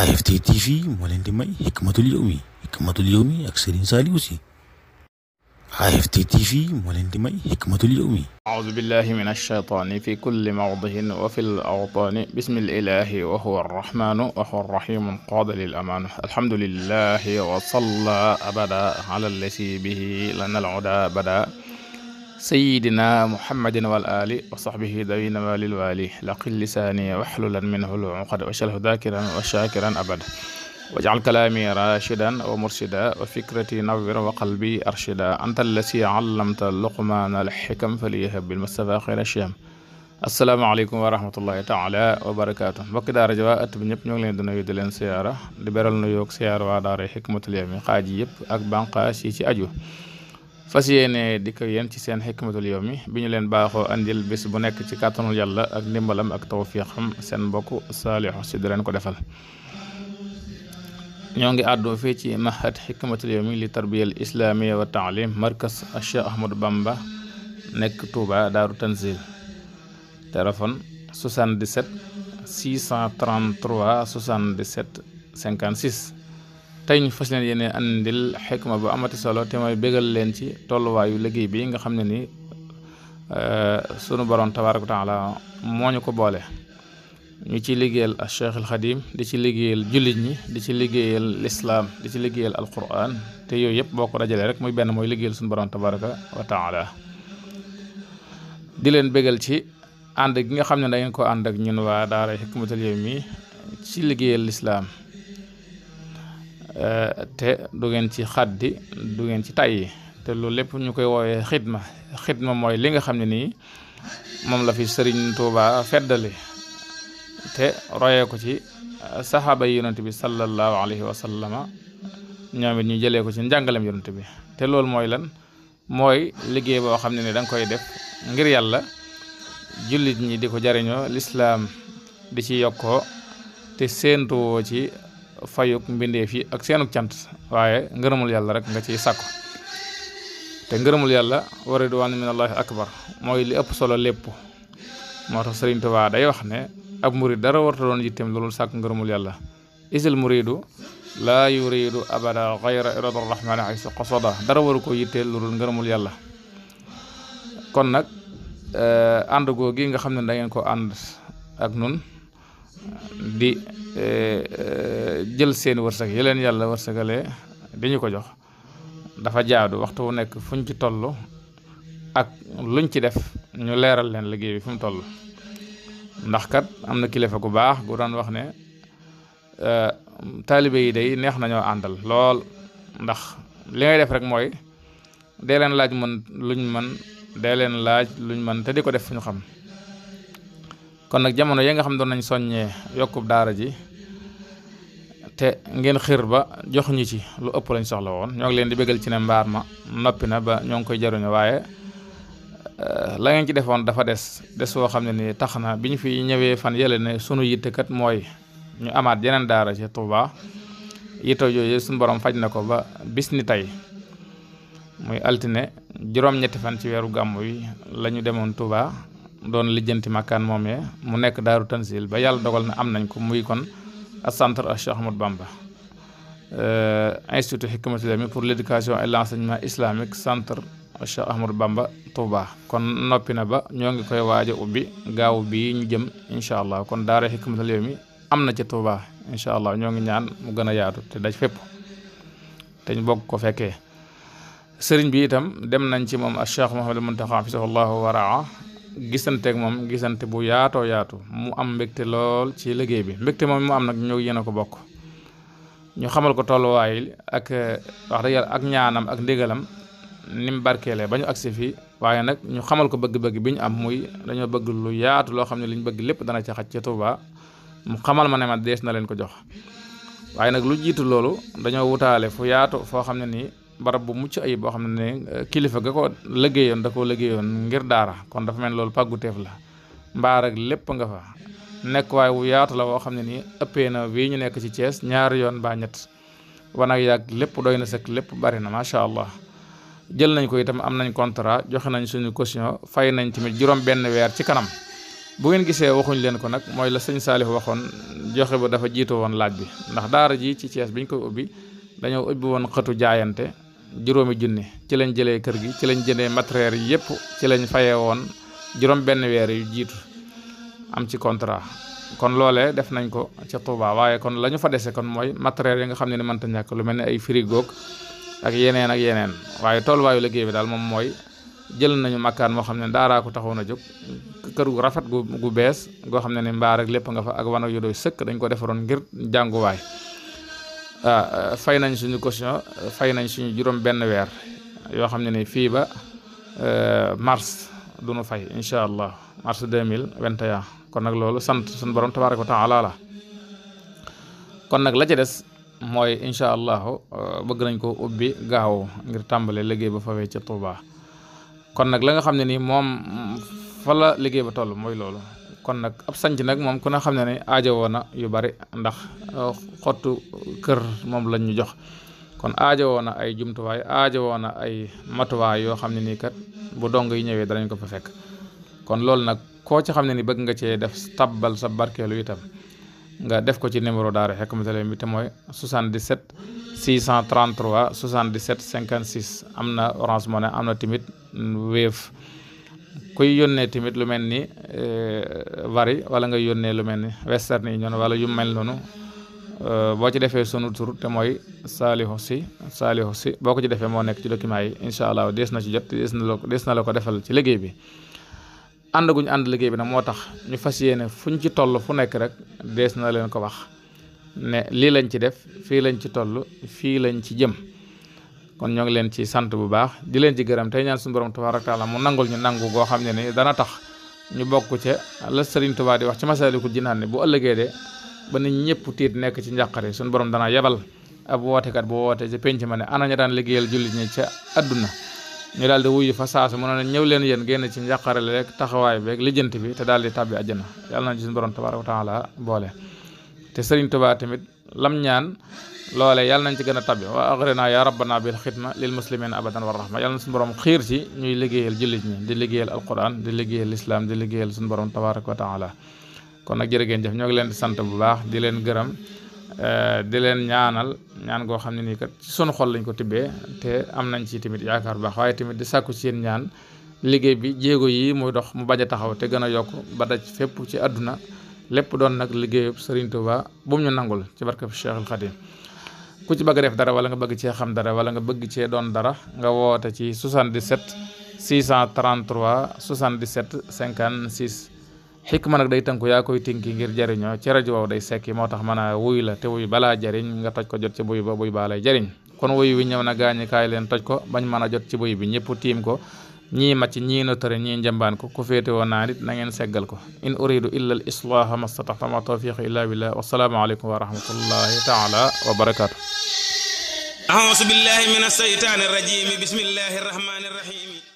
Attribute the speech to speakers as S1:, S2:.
S1: AFT TV moo leen di may Hikmatul Yawmi Hikmatul Yawmi ak Serigne Saliou Sy AFT TV moo leen di may Hikmatul Yawmi aoudu billahi min alcheytaani fi kulli mawdihin wa fi l awtaani bismi lilahi wa huwa arrahmanu wa huwa arrahimu qaada lil amaanu alhamdulillahi wa salla abada ala allasi bihi lana al uda bada sayidina muhammadin wal ali wa sahbihi dawina walil wali laqil lisaani waxlulan minhu luqad wacalhu dakiran wa shakiran abad wajcal kalaami rashidan wa murshida wa fikrati nawir wa qalbi arshida anta allasi allamta luqmaana alxikam faliyahab bilmustafa xayra shiyam asalaamaaleykum wa rahmatullahi taala wa barakaatu mbokki daara ji waa at bi ñëpp ñoo ngi leen di nuyu di leen siyaara di beral nuyoog siyaar waa daara xikmatul yawmi xaaj yëpp ak banqaas yi ci aju fas yéene di ko yéen ci seen xikmatul mi bi ñu leen baaxoo andil bés bu nekk ci kàttanul yàlla ak ndimbalam ak tawfiixam seen mbokk Saliou si di leen ko defal ñoo ngi àddoo fii ci mahad xikmatul yawmi li tarbiyal islamiya wa taalim markas Cheikh Ahmadou Bamba nekk Touba Daaru Tanzil téléphone 77 633 77 56 tey ñu fas leen yéene andil xikma bu amati solo te mooy bégal leen ci tolluwaayu liggéey bii nga xam ne ni euh, sunu borom tabaaraka wa taala moo ñu ko boole ñu ci liggéeyal Cheikh al di ci liggéeyal jullit ñi di ci liggéeyal lislaam di ci liggéeyal alquran te yooyu yëpp boo ko dajalee rek muy benn mooy liggéeyal sunu borom tabaaraka wa taala di leen bégal ci ànd gi nga xam ne da ngeen ko ànd ak ñun waa daara Hikmatul mi ci liggéeyal lislaam Euh, te du ngeen ci xaddi du ngeen ci tàyyi te loolu lépp ñu koy woowee xidma xidma mooy li nga xam ne nii moom la fi sëriñ Tuuba feddali te royee ko ci euh, saxaaba yi bi sallallahu alayhi wa sallama ñoom it ñu jëlee ko ci njàngaleem yonent bi te loolu mooy lan mooy liggéey boo xam ne ni da koy def ngir yàlla jullit ñi di ko jariñoo lislaam di ci yokkoo te séentuwoo ci fayub mbindeef yi ak seenuk cant waaye ngërëmul yàlla rek nga ciy sàkku te ngërëmul yàlla wa ridwaanu minallaahi akbar mooy li ëpp solo lépp moo tax Sëriñ Tuubaa day wax ne ab murid dara warta doon yitteem loolu sàkku ngërëmul yàlla isil muridu laa yuridu abada xayra irada rahmani aysa qasada dara waru ko yitteel loolu ngërëmul yàlla kon nag eh, ànd googi nga xam ne da ko ànd ak nun di eh, eh, jël seen wërsëg yi leen yàlla wërsëgalee di ñu ko jox dafa jaadu waxtu wu nekk fuñ ci tollu ak luñ ci def ñu leeral leen liggéey bi fu mu toll ndax kat am na kilifa gu baax gu doon wax ne eh, taalibe yi dey neex nañoo àndal lool ndax li ngay def rek mooy dee leen laaj mën luñ mën dee leen laaj luñ mën te di ko def fu ñu xam kon nag jamono ya nga xam doon nañ soññee yokkub daara ji te ngeen xir ba jox ñu ci lu ëpp lañ soxla woon ñoo ngi leen di bégal ci ne mbaar ma noppi na ba ñoo ngi koy jaruñu waaye eh, la ngeen ci defoon dafa des des woo xam ne nii tax na bi ñu fi ñëwee fan yële ne sunu yittekat mooy ñu amaat yeneen daara ci Touba yittoo jooju suñu borom faj na ko ba bis ni tey muy altine juróom-ñetti fan ci weeru gàmmu yi lañu demoon Touba. doon lijjanti makkaan moomee mu nekk daaru tanzil ba yàlla dogal na am nañ ko muy kon ak centre ak Cheikh Ahmadou Bamba euh, institut Hikmatul pour l' éducation et l' enseignement islamique centre Cheikh Bamba Touba kon noppi na ba ñoo ngi koy waaj a ubbi gaaw bi ñu jëm incha allah kon daara Hikmatul Yawmi am na ci Touba incha allah ñoo ngi ñaan mu gën a yaatu te daj fépp te ñu bokk ko fekkee sëriñ bi itam dem nañ ci moom ak Cheikh Mouhamadou Mountakha hafizahullahu gisanteeg moom gisante bu yaatoo yaatu mu am mbégte lool ci liggéey bi mbégte moom mu am nag ñoo yéen a ko bokk ñu xamal ko tolluwaay ak wax dëgg yàlla ak ñaanam ak ndigalam ni mu barkeelee ba ñu agsi fii waaye nag ñu xamal ko bëgg-bëgg bi ñu am muy dañoo bëgg lu yaatu loo xam ne liñ bëgg lépp dana ca xaj ca Touba mu xamal ma ne ma dees na leen ko jox waaye nag lu jiitu loolu dañoo wutaale fu yaatu foo xam ne nii barab bu mucc ayib boo xam ne eh, kilifa ga ko liggéeyoon da koo liggéeyoon ngir daara kon dafa mel loolu pàgguteef la mbaar ak lépp nga fa nekk waaye wu yaatu la woo xam ne nii ëppee na wii ñu nekk ci cees ñaari yoon baa ñett wanag yàgg lépp doy na sëkk lépp bari na macha allah jël nañ ko itam am nañ contrat joxe nañ suñu caution fay nañ tamit juróom benn weer ci kanam bu ngeen gisee waxuñ leen ko nag mooy la sëñ Salif waxoon joxe ba dafa jiitu woon laaj bi ndax daara ji ubbi dañoo ubbi woon xëtu jaayante juróomi junni ci lañ jëlee kër gi ci lañ jëndee matériel yi yëpp ci lañ fayee woon juróom benn weer yu jiitu am ci contrat kon loole def nañ ko ci Touba waaye kon lañu fa dese kon mooy matériel yi nga xam ne ni mënta ñàkk lu mel ne ay frigoog ak yeneen ak yeneen waaye tooluwaayu liggéey bi daal moom mooy jël nañu makkaan moo xam ne daaraa ko taxawoon a jóg kër gu rafet gu bees goo xam ne ni mbaar ak lépp nga fa ak wanag yu doy sëkk dañ ko defaroon ngir jànguwaay Ah, ah, fay nañ suñu caution fay nañ suñu juróom benn weer yoo xam ne ni fii ba eh, mars du nu fay incha allah mars 2021 kon nag loolu sant suñu borom tabaaraka wa taala alaala kon nag la ca des mooy incha allahu eh, bëgg nañ ko ubbi gaaw ngir tàmbale liggéey ba fawee ca Touba kon nag la nga xam ne nii moom fa liggéey ba toll mooy loolu kon nag ab sanc nag moom ku ne xam ne ne aajowoo na yu bari ndax euh, xottu kër moom lañ ñu jox kon aajowoo na ay jumtuwaay aajowoo na ay matuwaay yoo xam ne nii kat bu dong yi ñëwee danañ ko fa fekk kon loolu nag koo ci xam ne ni bëgg nga cee def tabal sa barkeelu itam nga def ko ci numéro daara Hikmatul Yawmi bi te mooy 77 633 77 56 am na Orange Money am na tamit Wave kuy yónnee tamit lu mel ni wari eh, wala nga yónnee lu mel ni western union wala yu mel noonu eh, boo ci defee sunu tur te mooy saalihu si saalihu si boo ko ci defee moo nekk ci document yi incha allah dees na ci jot dees na ko dees na la ko defal ci liggéey bi. ànd gu ànd liggéey bi nag moo tax ñu fas yéene fu ñu ci toll fu nekk rek dees na leen ko wax ne lii lañ ci def fii lañ ci toll fii lañ ci jëm. kon ñoo ngi leen ci sant bu baax di leen ci gërëm tey ñaan suñu borom tabaaraka taala mu nangul ñu nangu goo xam ne ni dana tax ñu bokk ca la Sëriñ Tuubaa di wax ci Masaalikul Jinaan ne bu ëllëgee de ba nit ñëpp tiit nekk ci njàqare suñu borom dana yebal ab wootekat bu woote ca penc ma ne ana ña daan liggéeyal jullit ñi ca àdduna ñu daal di wuyu fa saasu mu ne ñëw leen yéen génn ci njàqare rek taxawaay beeg lijjanti bi te daal di tàbbi na yàlla nañ ci suñu borom tabaaraka taala boole lam ñaan loole yàlla nañ ci gën a tabbi wa naa ya rabbana bil xidma lil muslimin abadan wa rahma yàlla na suñu borom xiir ci ñuy liggéeyal jullit ñi di liggéeyal alquran di liggéeyal islam di liggéeyal suñu borom tabaraka wa taala kon nag jërëgéen jëf ñoo gi leen sant bu baax di leen gërëm eh, di leen ñaanal ñaan koo xam ne nii kat ci sunu xol lañ ko tibbee te am nañ ci tamit yaakaar baax waaye tamit di sàkku ci yéen ñaan liggéey bi jéego yi muy dox mu bañ a taxaw te gën a yokk ba daj fépp ci àdduna lépp doon nag liggéeyub Serigne Touba bu ñu nangul ci barkab Cheikhul Khadim ku ci bëgg def dara wala nga bëgg cee xam dara wala nga bëgg cee doon dara nga woote ci 77 633 77 56. xikma nag day tënku yaa koy tinki ngir jariñoo ci rajo waaw day sekki moo tax mën a wuy la te wuy balaa jariñ nga toj ko jot ci buy ba buy baa lay jariñ kon wuy wi ñëw na gaañi kaay leen toj ko bañ mën a jot ci buy bi ñëpp tiim ko. ñii macc ñii notari ñii njambaan ko ku féete woon naa nit na ngeen seggal ko in uridu illa al islaaha ma tawfiqi illa billah wasalaamu aleykum wa taala wa barakaatu auzu billahi min asheytaani rajim